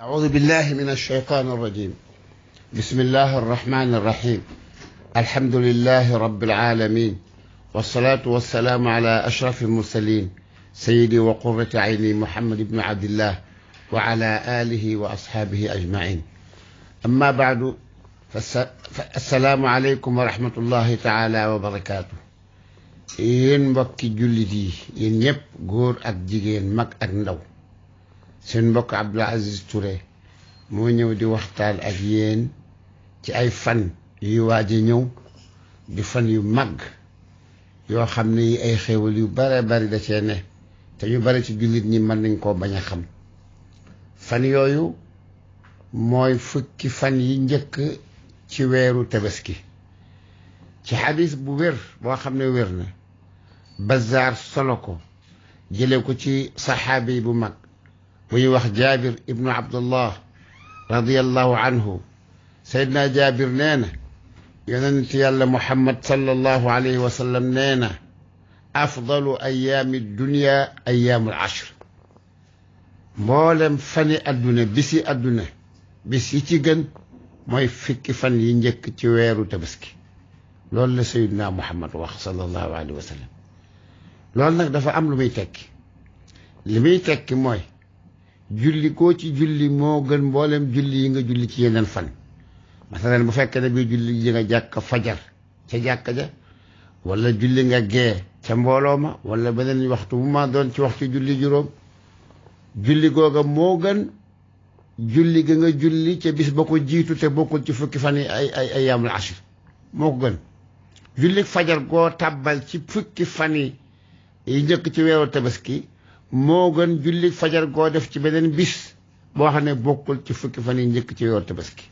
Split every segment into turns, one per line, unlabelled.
أعوذ بالله من الشيطان الرجيم بسم الله الرحمن الرحيم الحمد لله رب العالمين والصلاة والسلام على أشرف المرسلين سيدي وقرة عيني محمد بن عبد الله وعلى آله وأصحابه أجمعين أما بعد فالسلام عليكم ورحمة الله تعالى وبركاته ين بك جلدي ين يب غور góor ak jigéen seen mbokk Abdoul Aziz Touré moo ñëw di waxtaan ak yéen ci ay fan yuy waaj a ñëw di fan yu mag yoo xam ne yi ay xéewal yu bare bari da cee ne te ñu bari ci jullit ñi mën nañ koo bañ a xam fan yooyu mooy fukki fan yi njëkk ci weeru tebes ki ci xadis bu wér boo xam ne wér na bazaar solo ko jële ko ci saxaabi bu mag واخ جابر ابن عبد الله رضي الله عنه سيدنا جابر نينا يننت يلا محمد صلى الله عليه وسلم نانا أفضل أيام الدنيا أيام العشر مولم فني أدنى بسي أدنى بسي تيغن ما يفك فن ينجك تيوير تبسكي لول سيدنا محمد واخ صلى الله عليه وسلم لولا دفع أمر ميتك لميتك موي julli koo ci julli moo gën mboolem julli yi nga julli ci yeneen fan masalan bu fekkee ne bii julli ji nga jàkk fajar ca jàkka ja walla julli nga gee ca mbooloo ma wala beneen waxtu bu ma doon ci waxtu julli juróom julli googa moo gën julli nga julli ca bis ba ko te bokkul ci fukki fan yi ay ay moo ko gën fajar goo tàbbal ci fukki fan yi njëkk ci weeru tabaski moo gën julli fajar goo def ci beneen bis boo xam ne bokkul ci fukki fan yi njëkk ci yoor tabaski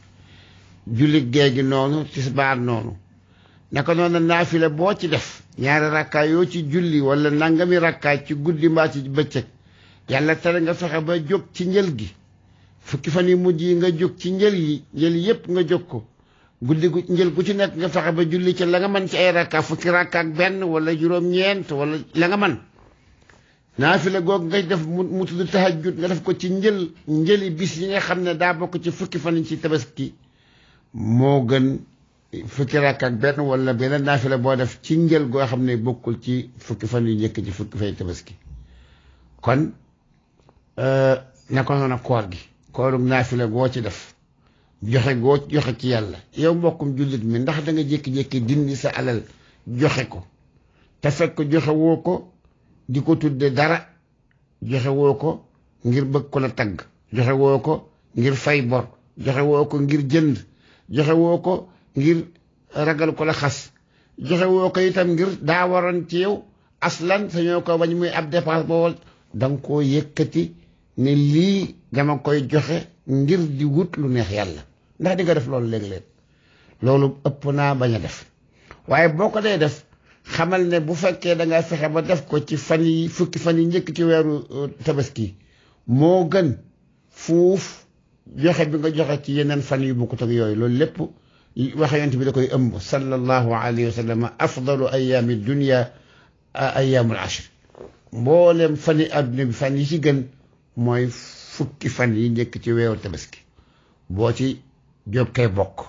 julli gee gi noonu tisbaar noonu naka noonu naafila boo ci def ñaari rakkaa yoo ci julli wala nangami rakkaa ci guddi mbaa ci bëccëg yàlla tere nga fexe ba jóg ci njël gi fukki fan yi mujj yi nga jóg ci njël yi njël yépp nga jóg ko guddi gu njël gu ci nekk nga fexe ba julli ci la nga mën ci ay rakkaa fukki rakkaa benn wala juróom-ñeent wala la nga mën naafila googu ngay def mu tudd tahajjud nga def ko ci njël njëli bis yi nga xam ne daa bokk ci fukki fan ci tabaski moo gën fukki rakk ak benn wala beneen naafila boo def ci njël goo xam ne bokkul ci fukki fan yu njëkk ci fukki fay tabaski kon naka noonu koor gi koorug naafila goo ci def joxe goo joxe ci yàlla yow mbokkum jullit mi ndax da nga jékki-jékki dindi sa alal joxe ko te fekk joxe woo ko di ko tudde dara joxe woo ko ngir bëgg ko la tagg joxe woo ko ngir fay bor joxe woo ko ngir jënd joxe woo ko ngir ragal ko la xas joxe woo ko itam ngir daa waroon ci yow aslan sañoo ko bañ muy ab dépense boobu danga nga koo yëkkati ne lii dama koy joxe ngir di wut lu neex yàlla ndax di nga def loolu léeg-léeg loolu ëpp naa bañ a def waaye boo ko dee def xamal ne bu fekkee da ngaa fexe ba def ko ci fan yi fukki fan yi njëkk ci weeru tabaski moo gën fuuf joxe bi nga joxe ci yeneen fan yu bokkut ak yooyu loolu lépp waxe yonent bi da koy ëmb sallallahu alayhi wa sallam afdalu ayaami dunia ayaamul ashr mboolem fani yi adduna bi fan yi ci gën mooy fukki fan yi njëkk ci weeru tabaski boo ci jokkee bokk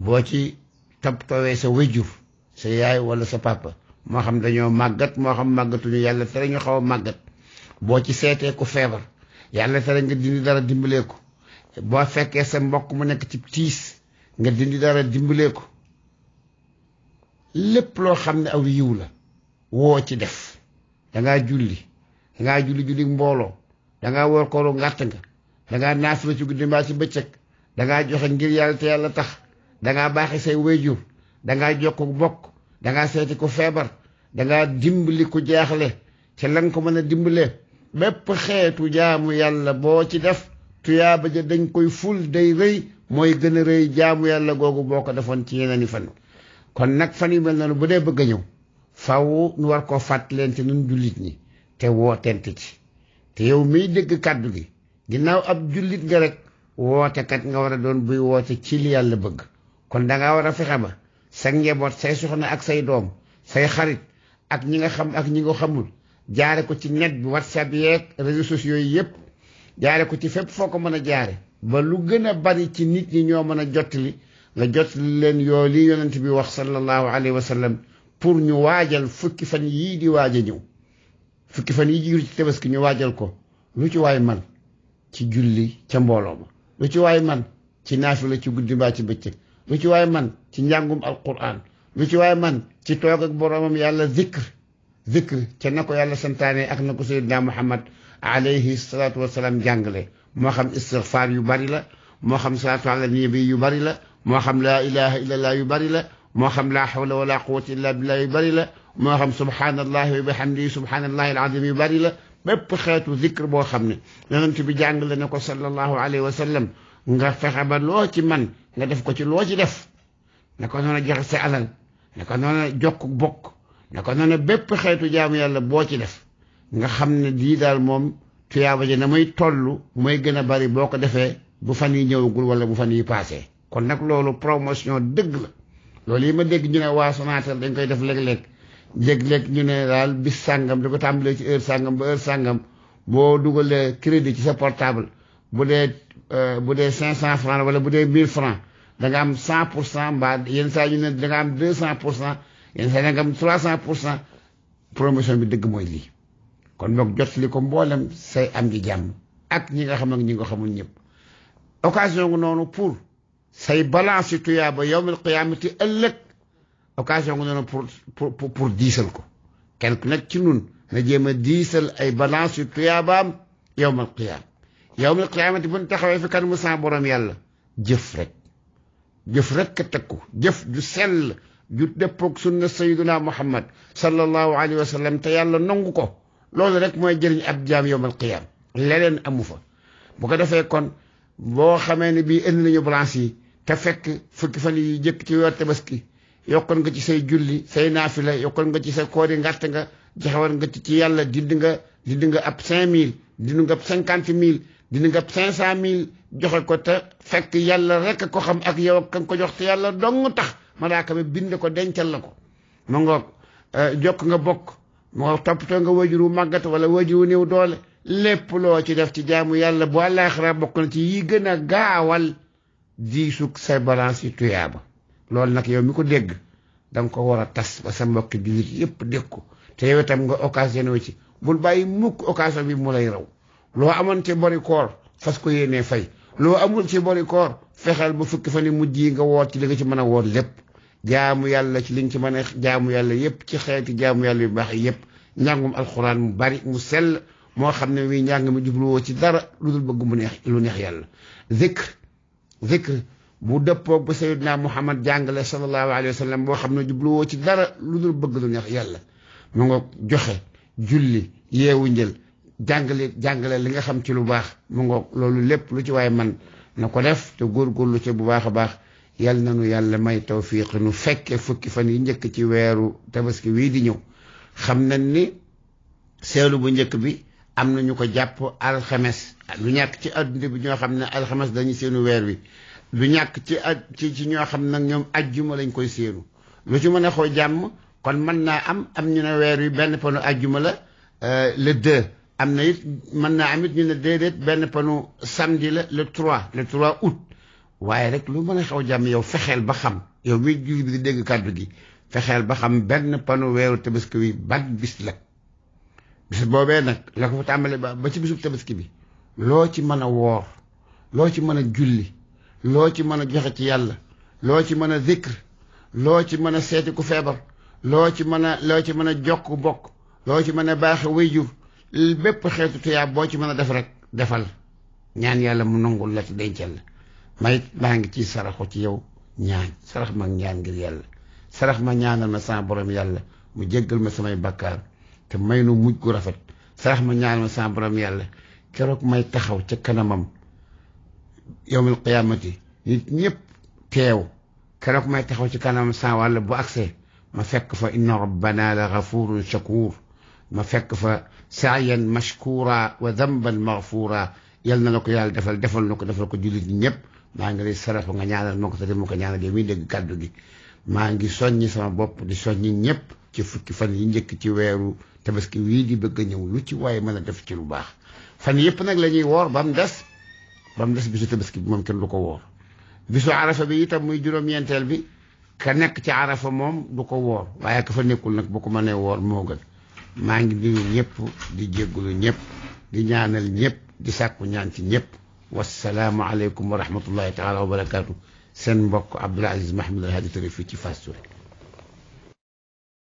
boo ci tabtowee sa wéjur sa yaay wala sa papa moo xam dañoo màggat moo xam màggatuñu yàlla tere ñu xaw a màggat boo ci seetee ku feebar yàlla tere nga dindi dara dimbalee ko boo fekkee sa mbokk mu nekk ci tiis nga dindi dara dimbalee ko lépp loo xam ne aw yiw la woo ci def dangaa julli dangaa julli julli mbooloo dangaa woor kooru ngàtt nga dangaa naafila ci guddi mbaa ci bëccëg joxe ngir yàlla te yàlla tax say wéyjur jokk bokk danga seeti ku feebar danga dimbali ku jaaxle ca lan ko mën a dimbalee bépp xeetu jaamu yàlla boo ci def tuyaaba ja dañ koy ful day rëy mooy gën a rëy jaamu yàlla googu boo ko defoon ci yeneen yi fan kon nag fan yu mel na noonu bu dee bëgg a ñëw faw nu war koo fàttalente nun jullit ñi te woo tent ci te yow miy dégg kàddu gi ginnaaw ab jullit nga rek wootekat nga war a doon buy woote ci li yàlla bëgg kon dangaa war a fexe ba sa njaboot say soxna ak say doom say xarit ak ñi nga xam ak ñi nga xamul jaare ko ci net bi whatsapp yeeg réseaux sociaux yi yëpp jaare ko ci fépp foo ko mën a jaare ba lu gën a bari ci nit ñi ñoo mën a jottali nga jottali leen yoo li yonent bi wax sallallahu alayhi wa sallam pour ñu waajal fukki fan yii di waaj a ñëw fukki fan yii jiitu ci tabaski ñu waajal ko lu ci waay man ci julli ca mbooloo ma lu ci waay man ci naafila ci guddi mbaa ci bëccëg lu ci waaye man ci njàngum alquran bu ci waaye man ci toog ak boromam yàlla zikr zikr te na ko yàlla santaane ak na ko sayyidna muhammad alayhi salatu wasalaam jàngale moo xam istighfar yu bari la moo xam salatu ala nabi yu bari la moo xam la ilaha illallah yu bari la moo xam la hawla wala quwwata illa billah yu bari la moo xam subhanallahi wa bihamdihi subhanallahi alazim yu bari la bépp xeetu zikr boo xam ne yonent bi jàngale na ko sallallahu alayhi wa sallam nga fexe ba loo ci man nga def ko ci lo ci def nako ko noonu ci alal nako ko noonu jokk bok nako ko bépp xetu jaamu yàlla bo ci def nga xamne li dal mom tiyaba tuyaaba ji na muy toll mooy bari boko defé bu fan yi ñëwagul wala bu fan yi paase kon nak lolu promotion deug la lolu yi ma dégg ñu ne wa Sonatel dañ koy def leg leg leg leg ñu ne dal bi sàngam di ko tàmbalee ci heure sàngam ba heure sàngam bo dugalé crédit ci sa portable bu dee bu dee cinq cent wala bu dee mille franc danga am 100 pour cent mbaa yenn saa yu ne am 200 pour cent yenn am 300 promotion bi dëgg mooy lii kon boog jot li ko mboolem say am di jàmm ak ñi nga xam ak ñi nga xamul ñëpp occasion gu noonu pour say balance yi tuyaaba yawmal qiyaamati ëllëg occasion gu noonu pour pour pour diisal ko kenn ku nekk ci nun na jéem a diisal ay balance yu tuyaabaam yawmal qiyaam yawmal qiyaamati bu ñu taxawee fi kan mu sa borom yàlla jëf rek. جف ركتكو جف دو سل جو ديبوك سنة سيدنا محمد صلى الله عليه وسلم تيالا نونكو لو رك موي جيرن اب يوم القيام لالن اموفا بوكو فيكون كون بو خاماني بي إن نيو بلانسي تا فك فك فاني جيك تي ورت سي جولي سي نافله يوكون غا سي كوري غارت غا جخوار غا تي يالا ديد غا ديد اب 5000 ديد غا dina nga cinq cent mille joxe ko te fekk yàlla rek ko xam ak yow ak nga ko jox te yàlla dong tax malaaka bind ko dencal la ko ma ngoog eh, jokk nga bokk ma ngoog toppatoo nga wajur wu màggat wala wajur wu néew doole lépp loo ci def ci jaamu yàlla bu àllaaxira bokk na ci yi gën a gaawal diisug say sa yi tuyaaba loolu nag yow mi ko dégg da ko war a tas ba sa mbokki jullit yépp dégg ko te yow itam nga occasion wu ci bul bàyyi mukk occasion bi mu lay raw loo amoon ci bori koor fas ko yéenee fay loo amul ci bori fexeel ba fukki fan yi mujj yi nga woor ci li nga ci mën a woor lépp jaamu yàlla ci li nga ci mën a jaamu yàlla yépp ci xeeti jaamu yàlla yu baax yépp njàngum alxuraan mu bari mu sell moo xam ne wi njàng mi jubluwoo ci dara lu bëgg mu neex lu neex yàlla zikr zikr bu dëppoo ba sayidna muhammad jàngale sallallahu alayhi wa sallam boo xam ne jubluwoo ci dara lu dul bëgg lu neex yàlla mu nga joxe julli yeewu njël jàngale jàngale li nga xam ci lu baax mu ngoog loolu lépp lu ci waaye man na ko def te lu ci bu baax a baax yal na nu yàlla may tawfiq nu fekkee fukki fan yi njëkk ci weeru tabaski wii di ñëw xam nañ ni seelu bu njëkk bi am na ñu ko jàpp alxemes lu ñàkk ci adduna bi ñoo xam ne alxames dañu seenu weer bi du ñàkk ci a ci ci ñoo xam nag ñoom ajjuma lañ koy seenu lu ci mën a xoo jàmm kon mën naa am am ñu ne weer wi benn panu ajjuma la euh, le deux am na it mën naa am it ñu ne déedéet benn panu samedi la le 3 le 3 août waaye rek lu mën a xaw jàmm yow fexeel ba xam yow mi julli bi di dégg kàddu gi fexeel ba xam benn panu weeru tabaski bi ban bis la bis boobee nag la ko fa tàmbale ba ba ci bisub tabaski bi loo ci mën a woor loo ci mën a julli loo ci mën a joxe ci yàlla loo ci mën a zikr loo ci mën a seeti ku feebar loo ci mën a loo ci mën a jokk bokk loo ci mën a baaxe wayjur bépp xeetu tuyaab boo ci mën a def rek defal ñaan yàlla mu nangul la ci dencal la may maa ngi ciy saraxu ci yow ñaan sarax ma ñaan ngir yàlla sarax ma ñaanal ma sama borom yàlla mu jéggal ma samay bakkaar te may nu mujj gu rafet sarax ma ñaanal ma sama borom yàlla keroog may taxaw ca kanamam yowmil qiyaamati nit ñëpp teew keroog may taxaw ci kanamam sama wàll bu agsee ma fekk fa inna rabbana la gafurun shakur ma fekk fa saayan mashkura wa damban maghfura yal na la ko yàlla defal defal na ko defal ko jullit ñëpp maa ngi lay sarafa nga ñaanal ma ko te di ma ko ñaanal yow dégg kàddu gi maa ngi soññi sama bopp di soññi ñëpp ci fukki fan yi njëkk ci weeru tabaski wii di bëgg a ñëw lu ci waaye mën a def ci lu baax fan yëpp nag la ñuy woor ba des ba mu des bisu tabaski bi moom kenn du ko woor bisu arafa bi itam muy juróom-ñeenteel bi ka nekk ci arafa moom du ko woor waaye ka fa nekkul nag boo ko mënee woor moo gën maa ngi nuyu ñëpp di jéggulu ñëpp di ñaanal ñëpp di sàkku ñaan ci ñëpp wasalaamu aleykum wa rahmatullahi taala wa barakaatu seen mbokk Abdoul Aziz Mahmoud Al Hady Touré fii ci Fass Touré